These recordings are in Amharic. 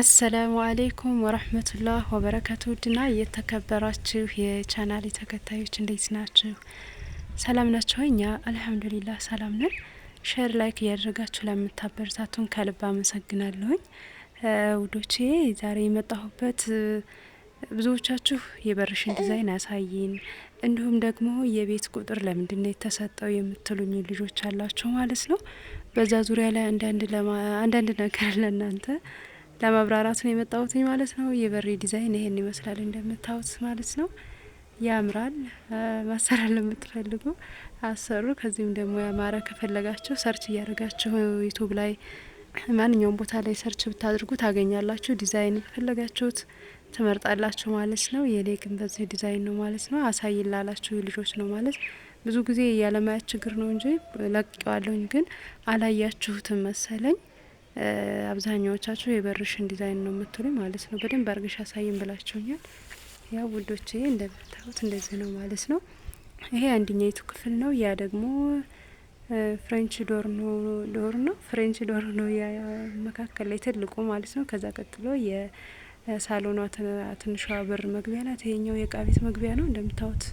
አሰላሙ አሌይኩም ወረህመቱላህ ወበረከቱ ድና እየተከበራችሁ የቻናል ተከታዮች እንዴት ናችሁ? ሰላም ናቸው? እኛ አልሐምዱሊላህ ሰላም ነን። ሼር ላይክ እያደረጋችሁ ለምታበረታቱን ከልብ አመሰግናለሁኝ። ውዶቼ ዛሬ የመጣሁበት ብዙዎቻችሁ የበርሽን ዲዛይን አሳይን እንዲሁም ደግሞ የቤት ቁጥር ለምንድን ነው የተሰጠው የምትሉኝ ልጆች አላቸው ማለት ነው። በዛ ዙሪያ ላይ አንዳንድ ነገር ለእናንተ ለማብራራት ነው የመጣሁትኝ ማለት ነው። የበሬ ዲዛይን ይሄን ይመስላል እንደምታዩት ማለት ነው። ያምራል። ማሰሪያ ለምትፈልጉ አሰሩ። ከዚህም ደግሞ ያማረ ከፈለጋችሁ ሰርች እያደረጋችሁ ዩቱብ ላይ ማንኛውም ቦታ ላይ ሰርች ብታድርጉ ታገኛላችሁ። ዲዛይን የፈለጋችሁት ትመርጣላችሁ ማለት ነው። የኔ ግን በዚህ ዲዛይን ነው ማለት ነው። አሳይ ላላችሁ ልጆች ነው ማለት ብዙ ጊዜ ያለማያት ችግር ነው እንጂ ለቅቄዋለሁኝ፣ ግን አላያችሁትም መሰለኝ። አብዛኛዎቻችሁ የበርሽን ዲዛይን ነው የምትሉ ማለት ነው። በደንብ አርገሽ አሳይም ብላችሁኛል። ውዶች ውዶቼ እንደምታዩት እንደዚህ ነው ማለት ነው። ይሄ አንደኛይቱ ክፍል ነው። ያ ደግሞ ፍሬንች ዶር ነው ዶር ነው ፍሬንች ዶር ነው ያ መካከል ላይ ትልቁ ማለት ነው። ከዛ ቀጥሎ የሳሎኗ ትንሿ በር መግቢያ ናት። ይሄኛው የእቃ ቤት መግቢያ ነው እንደምታዩት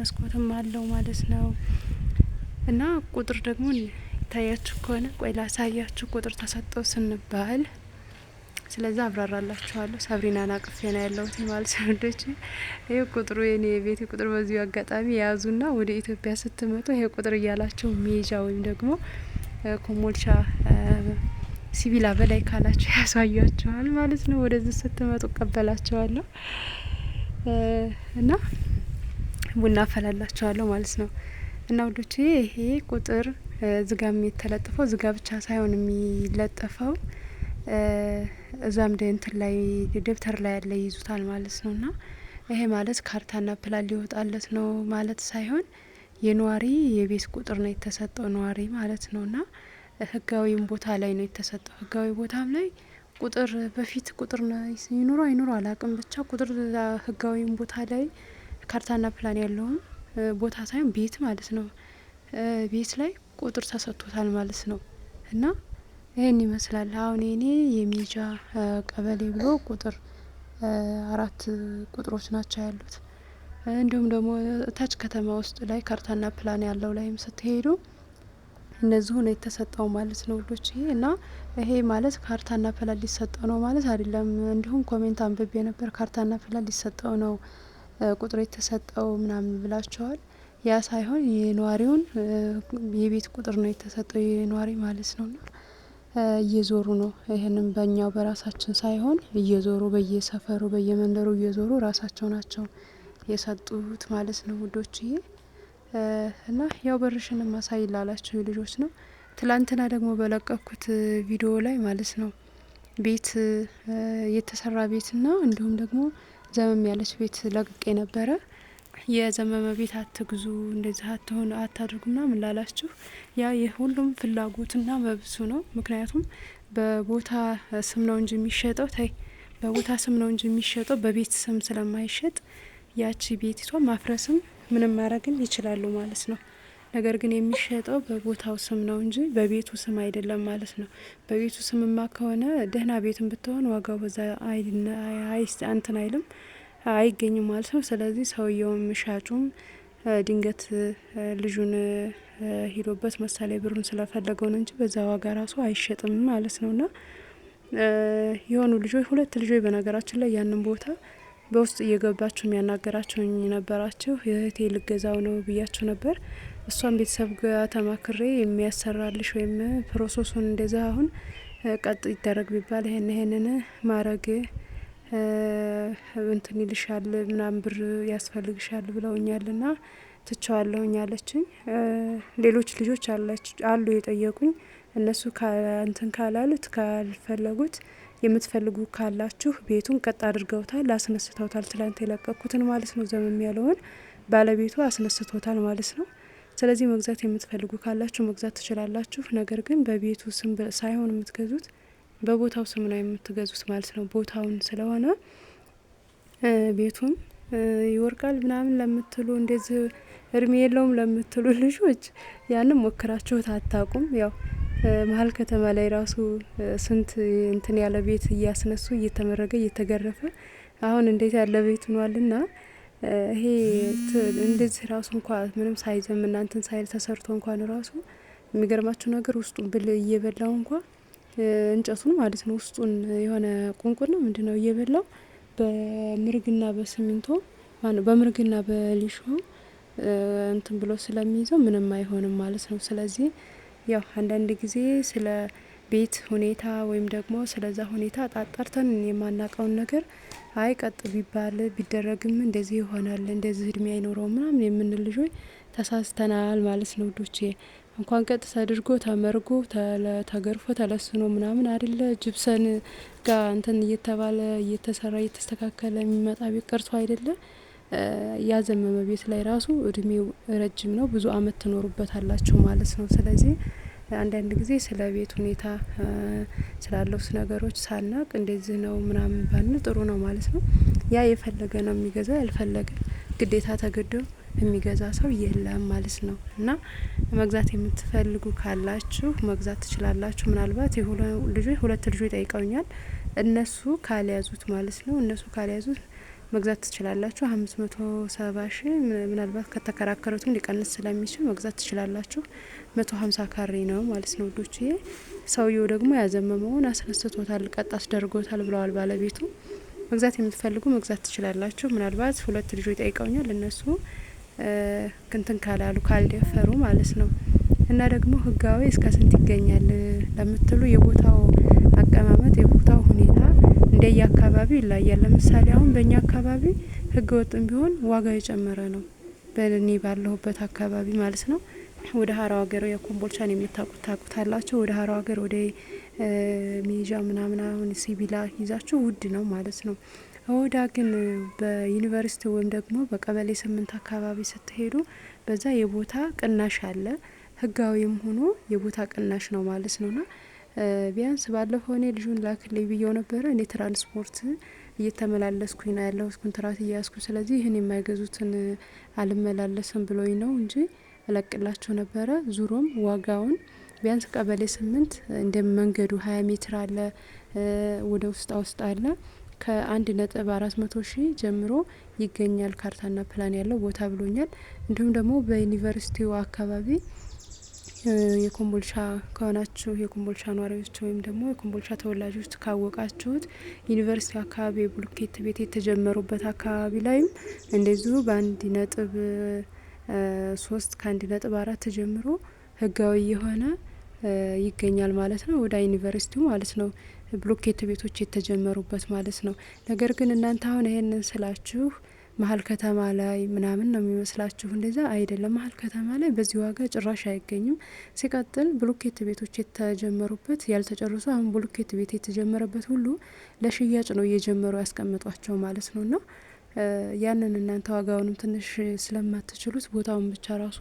መስኮትም አለው ማለት ነው። እና ቁጥር ደግሞ ታያችሁ ከሆነ ቆይ ላሳያችሁ ቁጥር ተሰጠው ስንባል ስለዚህ አብራራላችኋለሁ። ሰብሪና አቅፌ ነው ያለሁት ማለት ሰንዶች። ይህ ቁጥሩ የኔ የቤት ቁጥር በዚሁ አጋጣሚ የያዙና ወደ ኢትዮጵያ ስትመጡ ይሄ ቁጥር እያላቸው ሜዣ ወይም ደግሞ ኮምቦልቻ ሲቪላ በላይ ካላቸው ያሳያቸዋል ማለት ነው። ወደዚህ ስትመጡ እቀበላቸዋለሁ እና ቡና አፈላላቸዋለሁ ማለት ነው። እና ውዶቼ ይሄ ቁጥር ዝጋ የሚተለጥፈው ዝጋ ብቻ ሳይሆን የሚለጠፈው እዛም እንትን ላይ ደብተር ላይ ያለ ይዙታል ማለት ነው። እና ይሄ ማለት ካርታና ፕላን ሊወጣለት ነው ማለት ሳይሆን የነዋሪ የቤት ቁጥር ነው የተሰጠው ነዋሪ ማለት ነው። እና ህጋዊም ቦታ ላይ ነው የተሰጠው። ህጋዊ ቦታም ላይ ቁጥር በፊት ቁጥር ይኑሮ አይኑሮ አላቅም፣ ብቻ ቁጥር ህጋዊም ቦታ ላይ ካርታና ፕላን ያለውም ቦታ ሳይሆን ቤት ማለት ነው ቤት ላይ ቁጥር ተሰጥቶታል ማለት ነው። እና ይህን ይመስላል። አሁን እኔ የሚጃ ቀበሌ ብሎ ቁጥር አራት ቁጥሮች ናቸው ያሉት። እንዲሁም ደግሞ ታች ከተማ ውስጥ ላይ ካርታና ፕላን ያለው ላይም ስትሄዱ እንደዚሁ ነው የተሰጠው ማለት ነው ውዶች። እና ይሄ ማለት ካርታና ፕላን ሊሰጠው ነው ማለት አይደለም። እንዲሁም ኮሜንት አንብቤ ነበር። ካርታና ፕላን ሊሰጠው ነው ቁጥር የተሰጠው ምናምን ብላችኋል። ያ ሳይሆን የነዋሪውን የቤት ቁጥር ነው የተሰጠው የነዋሪ ማለት ነው። ና እየዞሩ ነው ይህንም በእኛው በራሳችን ሳይሆን እየዞሩ በየሰፈሩ በየመንደሩ እየዞሩ ራሳቸው ናቸው የሰጡት ማለት ነው ውዶችዬ። እና ያው በርሽን ማሳይ ላላቸው ልጆች ነው። ትላንትና ደግሞ በለቀኩት ቪዲዮ ላይ ማለት ነው ቤት የተሰራ ቤትና እንዲሁም ደግሞ ዘመም ያለች ቤት ለቅቄ ነበረ። የዘመመ ቤት አትግዙ፣ እንደዚህ አትሆኑ፣ አታድርጉ ምናምን ላላችሁ ያ የሁሉም ፍላጎትና መብሱ ነው። ምክንያቱም በቦታ ስም ነው እንጂ የሚሸጠው ታይ በቦታ ስም ነው እንጂ የሚሸጠው በቤት ስም ስለማይሸጥ ያቺ ቤቲቷ ማፍረስም ምንም ማድረግም ይችላሉ ማለት ነው። ነገር ግን የሚሸጠው በቦታው ስም ነው እንጂ በቤቱ ስም አይደለም ማለት ነው። በቤቱ ስምማ ከሆነ ደህና ቤትም ብትሆን ዋጋው በዛ አንትን አይልም አይገኝም ማለት ነው። ስለዚህ ሰውየውም ሻጩም ድንገት ልጁን ሂዶበት መሳሌ ብሩን ስለፈለገው ነው እንጂ በዛ ዋጋ ራሱ አይሸጥም ማለት ነው። ና የሆኑ ልጆች ሁለት ልጆች በነገራችን ላይ ያንን ቦታ በውስጥ እየገባችሁ የሚያናገራቸውኝ ነበራችሁ እህቴ ልገዛው ነው ብያችሁ ነበር። እሷን ቤተሰብ ጋ ተማክሬ የሚያሰራልሽ ወይም ፕሮሰሱን እንደዛ አሁን ቀጥ ይደረግ ቢባል ይሄን ይሄንን ማረግ እንትን ይልሻል ምናምን ብር ያስፈልግሻል ብለውኛል ና ትቸዋለሁኝ አለችኝ። ሌሎች ልጆች አሉ የጠየቁኝ። እነሱ እንትን ካላሉት ካልፈለጉት የምትፈልጉ ካላችሁ ቤቱን ቀጥ አድርገውታል፣ አስነስተውታል። ትላንት የለቀኩትን ማለት ነው ዘመም ያለውን ባለቤቱ አስነስተውታል ማለት ነው። ስለዚህ መግዛት የምትፈልጉ ካላችሁ መግዛት ትችላላችሁ። ነገር ግን በቤቱ ስም ሳይሆን የምትገዙት በቦታው ስም ነው የምትገዙት ማለት ነው። ቦታውን ስለሆነ ቤቱም ይወርቃል ምናምን ለምትሉ እንደዚህ እድሜ የለውም ለምትሉ ልጆች ያንም ሞክራችሁት አታቁም። ያው መሀል ከተማ ላይ ራሱ ስንት እንትን ያለ ቤት እያስነሱ እየተመረገ እየተገረፈ አሁን እንዴት ያለ ቤት ና ይሄ እንደዚህ ራሱ እንኳ ምንም ሳይዘም እናንተን ሳይል ተሰርቶ እንኳን ራሱ የሚገርማችሁ ነገር ውስጡ ብል እየበላው እንኳ እንጨቱን ማለት ነው። ውስጡን የሆነ ቁንቁን ነው ምንድን ነው እየበላው በምርግና በሲሚንቶ በምርግና በሊሾ እንትን ብሎ ስለሚይዘው ምንም አይሆንም ማለት ነው። ስለዚህ ያው አንዳንድ ጊዜ ስለ ቤት ሁኔታ ወይም ደግሞ ስለዛ ሁኔታ ጣጣርተን የማናቀውን ነገር አይ ቀጥ ቢባል ቢደረግም እንደዚህ ይሆናል እንደዚህ እድሜ አይኖረው ምናምን የምንል ልጆች ተሳስተናል ማለት ነው ዶቼ እንኳን ቀጥ ተደርጎ ተመርጎ ተገርፎ ተለስኖ ምናምን አይደለ ጅብሰን ጋር እንትን እየተባለ እየተሰራ እየተስተካከለ የሚመጣ ቤት ቀርቶ አይደለ ያዘመመ ቤት ላይ ራሱ እድሜው ረጅም ነው፣ ብዙ አመት ትኖሩበት አላችሁ ማለት ነው። ስለዚህ አንዳንድ ጊዜ ስለ ቤት ሁኔታ ስላለውስ ነገሮች ሳናቅ እንደዚህ ነው ምናምን ባን ጥሩ ነው ማለት ነው። ያ የፈለገ ነው የሚገዛ ያልፈለገ ግዴታ ተገዶ የሚገዛ ሰው የለም ማለት ነው። እና መግዛት የምትፈልጉ ካላችሁ መግዛት ትችላላችሁ። ምናልባት ልጆች ሁለት ልጆች ጠይቀውኛል። እነሱ ካልያዙት ማለት ነው እነሱ ካልያዙት መግዛት ትችላላችሁ። አምስት መቶ ሰባ ሺ ምናልባት ከተከራከሩትም ሊቀንስ ስለሚችል መግዛት ትችላላችሁ። መቶ ሀምሳ ካሬ ነው ማለት ነው ውዶች። ይሄ ሰውየው ደግሞ ያዘመመውን አስነስቶታል፣ ቀጥ አስደርጎታል ብለዋል ባለቤቱ። መግዛት የምትፈልጉ መግዛት ትችላላችሁ። ምናልባት ሁለት ልጆች ጠይቀውኛል እነሱ ክንትን ካላሉ ካልደፈሩ ማለት ነው። እና ደግሞ ህጋዊ እስከ ስንት ይገኛል ለምትሉ የቦታው አቀማመጥ የቦታው ሁኔታ እንደየ አካባቢው ይለያል። ለምሳሌ አሁን በእኛ አካባቢ ህገ ወጥም ቢሆን ዋጋ የጨመረ ነው። በእኔ ባለሁበት አካባቢ ማለት ነው። ወደ ሀራው ሀገር የኮምቦልቻን የምታውቁት ታውቁታላችሁ። ወደ ሀራው ሀገር ወደ ሚዣ ምናምን አሁን ሲቢላ ይዛችሁ ውድ ነው ማለት ነው። ኦዳ ግን በዩኒቨርሲቲ ወይም ደግሞ በቀበሌ ስምንት አካባቢ ስትሄዱ በዛ የቦታ ቅናሽ አለ። ህጋዊም ሆኖ የቦታ ቅናሽ ነው ማለት ነውና ቢያንስ ባለፈው እኔ ልጁን ላክልኝ ብየው ነበረ። እኔ ትራንስፖርት እየተመላለስኩኝ ነው ያለሁት ኮንትራት እያያዝኩ፣ ስለዚህ ይህን የማይገዙትን አልመላለስም ብሎኝ ነው እንጂ እለቅላቸው ነበረ። ዙሮም ዋጋውን ቢያንስ ቀበሌ ስምንት እንደ መንገዱ ሀያ ሜትር አለ፣ ወደ ውስጣ ውስጥ አለ ከአንድ ነጥብ አራት መቶ ሺህ ጀምሮ ይገኛል ካርታና ፕላን ያለው ቦታ ብሎኛል። እንዲሁም ደግሞ በዩኒቨርሲቲው አካባቢ የኮምቦልቻ ከሆናችሁ የኮምቦልቻ ነዋሪዎች ወይም ደግሞ የኮምቦልቻ ተወላጆች ካወቃችሁት ዩኒቨርሲቲ አካባቢ የብሎኬት ቤት የተጀመሩበት አካባቢ ላይም እንደዚሁ በአንድ ነጥብ ሶስት ከአንድ ነጥብ አራት ጀምሮ ህጋዊ የሆነ ይገኛል ማለት ነው። ወደ ዩኒቨርሲቲው ማለት ነው ብሎኬት ቤቶች የተጀመሩበት ማለት ነው። ነገር ግን እናንተ አሁን ይሄንን ስላችሁ መሀል ከተማ ላይ ምናምን ነው የሚመስላችሁ። እንደዛ አይደለም። መሀል ከተማ ላይ በዚህ ዋጋ ጭራሽ አይገኝም። ሲቀጥል ብሎኬት ቤቶች የተጀመሩበት ያልተጨረሱ አሁን ብሎኬት ቤት የተጀመረበት ሁሉ ለሽያጭ ነው እየጀመሩ ያስቀምጧቸው ማለት ነው እና ያንን እናንተ ዋጋውንም ትንሽ ስለማትችሉት ቦታውን ብቻ ራሱ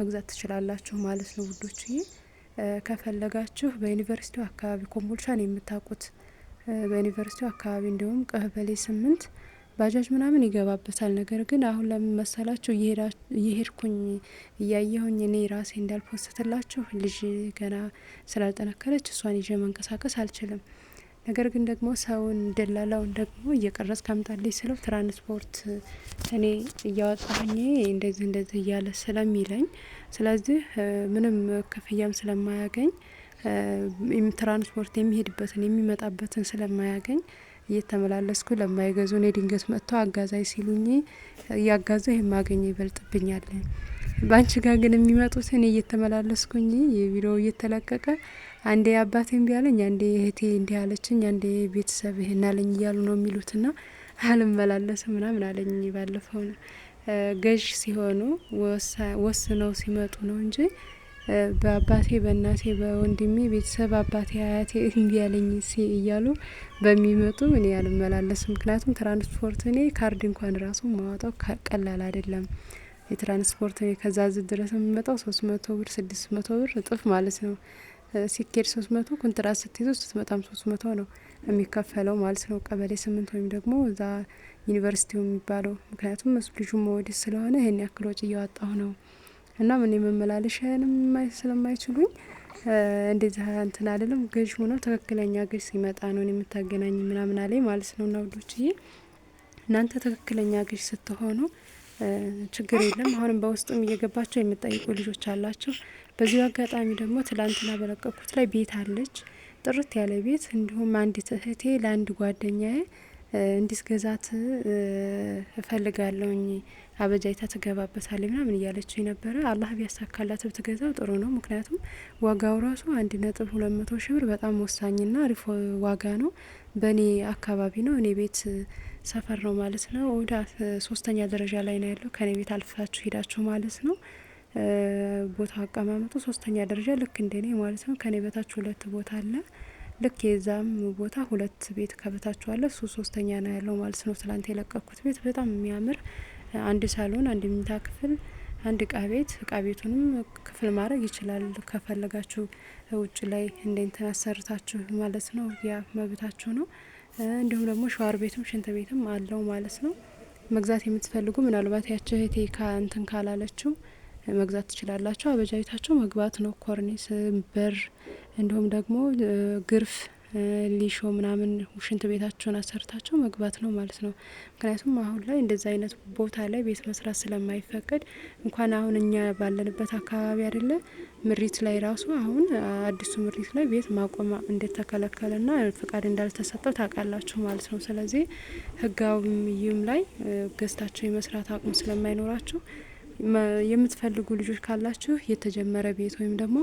መግዛት ትችላላችሁ ማለት ነው ውዶችዬ። ከፈለጋችሁ በዩኒቨርሲቲው አካባቢ ኮምቦልቻን የምታውቁት በዩኒቨርሲቲው አካባቢ እንዲሁም ቀበሌ ስምንት ባጃጅ ምናምን ይገባበታል። ነገር ግን አሁን ለምን መሰላችሁ እየሄድኩኝ እያየሁኝ እኔ ራሴ እንዳልፖስትላችሁ ልጅ ገና ስላልጠነከረች እሷን ይዤ መንቀሳቀስ አልችልም። ነገር ግን ደግሞ ሰውን ደላላውን ደግሞ እየቀረጽ ከምጣልኝ ስለው ትራንስፖርት እኔ እያወጣሁኝ እንደዚህ እንደዚህ እያለ ስለሚለኝ ስለዚህ ምንም ክፍያም ስለማያገኝ ትራንስፖርት የሚሄድበትን የሚመጣበትን ስለማያገኝ እየተመላለስኩ ለማይገዙ እኔ ድንገት መጥቶ አጋዛይ ሲሉኝ እያጋዙ የማገኘው ይበልጥብኛል። በአንቺ ጋር ግን የሚመጡት እኔ እየተመላለስኩኝ የቪዲዮ እየተለቀቀ አንዴ አባቴ እንዲህ አለኝ፣ አንዴ እህቴ እንዲህ አለችኝ፣ አንዴ ቤተሰብ ይህን አለኝ እያሉ ነው የሚሉት ና አልመላለስ ምናምን አለኝ። ባለፈው ገዥ ሲሆኑ ወስነው ሲመጡ ነው እንጂ በአባቴ በእናቴ በወንድሜ ቤተሰብ አባቴ አያቴ እንዲ ያለኝ ሲ እያሉ በሚመጡ እኔ ያልመላለስ። ምክንያቱም ትራንስፖርት እኔ ካርድ እንኳን ራሱ ማዋጣው ቀላል አይደለም። የትራንስፖርት እኔ ከዛ ዝ ድረስ የምመጣው ሶስት መቶ ብር ስድስት መቶ ብር እጥፍ ማለት ነው። ሲኬድ ሶስት መቶ ኮንትራት ስትይዙ ስትመጣም ሶስት መቶ ነው የሚከፈለው ማለት ነው። ቀበሌ ስምንት ወይም ደግሞ እዛ ዩኒቨርሲቲው የሚባለው ምክንያቱም እሱ ልጁ መወዲስ ስለሆነ ይህን ያክል ወጪ እያወጣሁ ነው እና ምን የመመላለሻንም ስለማይችሉኝ እንደዚህ እንትን አይደለም። ገዥ ሆኖ ትክክለኛ ገዥ ሲመጣ ነው የምታገናኝ ምናምን አለኝ ማለት ነው። እና ይ እናንተ ትክክለኛ ገዥ ስትሆኑ ችግር የለም። አሁንም በውስጡም እየገባቸው የምጠይቁ ልጆች አላቸው። በዚሁ አጋጣሚ ደግሞ ትላንትና በለቀኩት ላይ ቤት አለች፣ ጥርት ያለ ቤት። እንዲሁም አንድ እህቴ ለአንድ ጓደኛዬ እንዲስገዛት እፈልጋለሁኝ አበጃይታ ትገባበታል ምናምን እያለች ነበረ። አላህ ቢያሳካላት ብትገዛው ጥሩ ነው። ምክንያቱም ዋጋው ራሱ አንድ ነጥብ ሁለት መቶ ሺ ብር በጣም ወሳኝና አሪፍ ዋጋ ነው። በእኔ አካባቢ ነው፣ እኔ ቤት ሰፈር ነው ማለት ነው። ወደ ሶስተኛ ደረጃ ላይ ነው ያለው። ከእኔ ቤት አልፋችሁ ሄዳችሁ ማለት ነው። ቦታ አቀማመጡ ሶስተኛ ደረጃ ልክ እንደኔ ማለት ነው። ከኔ በታች ሁለት ቦታ አለ። ልክ የዛም ቦታ ሁለት ቤት ከበታች አለ እሱ ሶስተኛ ነው ያለው ማለት ነው። ትላንት የለቀኩት ቤት በጣም የሚያምር አንድ ሳሎን አንድ ምኝታ ክፍል አንድ እቃ ቤት እቃ ቤቱንም ክፍል ማድረግ ይችላል ከፈለጋችሁ ውጭ ላይ እንደ እንትን አሰርታችሁ ማለት ነው ያ መብታችሁ ነው። እንዲሁም ደግሞ ሸዋር ቤትም ሽንት ቤትም አለው ማለት ነው። መግዛት የምትፈልጉ ምናልባት ያቸው እህቴ እንትን ካላለችው መግዛት ትችላላችሁ። አበጃጅታችሁ መግባት ነው። ኮርኒስ፣ በር እንዲሁም ደግሞ ግርፍ ሊሾ ምናምን ውሽንት ቤታቸውን አሰርታቸው መግባት ነው ማለት ነው። ምክንያቱም አሁን ላይ እንደዚ አይነት ቦታ ላይ ቤት መስራት ስለማይፈቀድ እንኳን አሁን እኛ ባለንበት አካባቢ አይደለ ምሪት ላይ ራሱ አሁን አዲሱ ምሪት ላይ ቤት ማቆም እንደተከለከለና ፍቃድ እንዳልተሰጠው ታውቃላችሁ ማለት ነው። ስለዚህ ህጋዊም ላይ ገዝታቸው የመስራት አቅም ስለማይኖራቸው። የምትፈልጉ ልጆች ካላችሁ የተጀመረ ቤት ወይም ደግሞ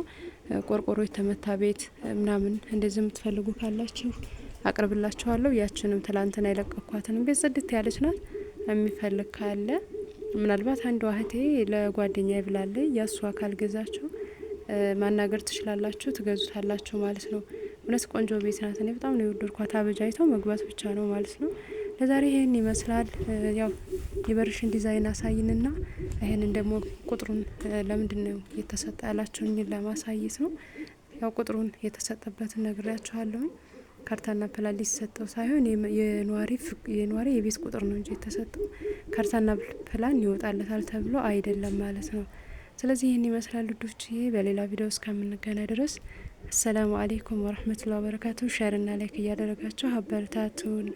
ቆርቆሮ የተመታ ቤት ምናምን እንደዚህ የምትፈልጉ ካላችሁ አቅርብላችኋለሁ። ያችንም ትላንትና የለቀኳትንም ቤት ጽድት ያለች ናት። የሚፈልግ ካለ ምናልባት አንድ ዋህቴ ለጓደኛ ይብላለ ያሱ አካል ገዛችሁ ማናገር ትችላላችሁ፣ ትገዙታላችሁ ማለት ነው። እውነት ቆንጆ ቤት ናት። እኔ በጣም ነው የወደድኳት። አበጃይተው መግባት ብቻ ነው ማለት ነው። ለዛሬ ይህን ይመስላል። ያው የበርሽን ዲዛይን አሳይንና ይህንን ደግሞ ቁጥሩን ለምንድን ነው የተሰጠ ያላችሁኝን ለማሳየት ነው። ያው ቁጥሩን የተሰጠበትን ነግሬያችኋለሁኝ። ካርታና ፕላን ሊሰጠው ሳይሆን የነዋሪ የቤት ቁጥር ነው እንጂ የተሰጠው ካርታና ፕላን ይወጣለታል ተብሎ አይደለም ማለት ነው። ስለዚህ ይህን ይመስላል ልጆች። ይሄ በሌላ ቪዲዮ እስከምንገና ድረስ አሰላሙ አሌይኩም ወረህመቱላ ወበረካቱ። ሸርና ላይክ እያደረጋችሁ አበረታቱን።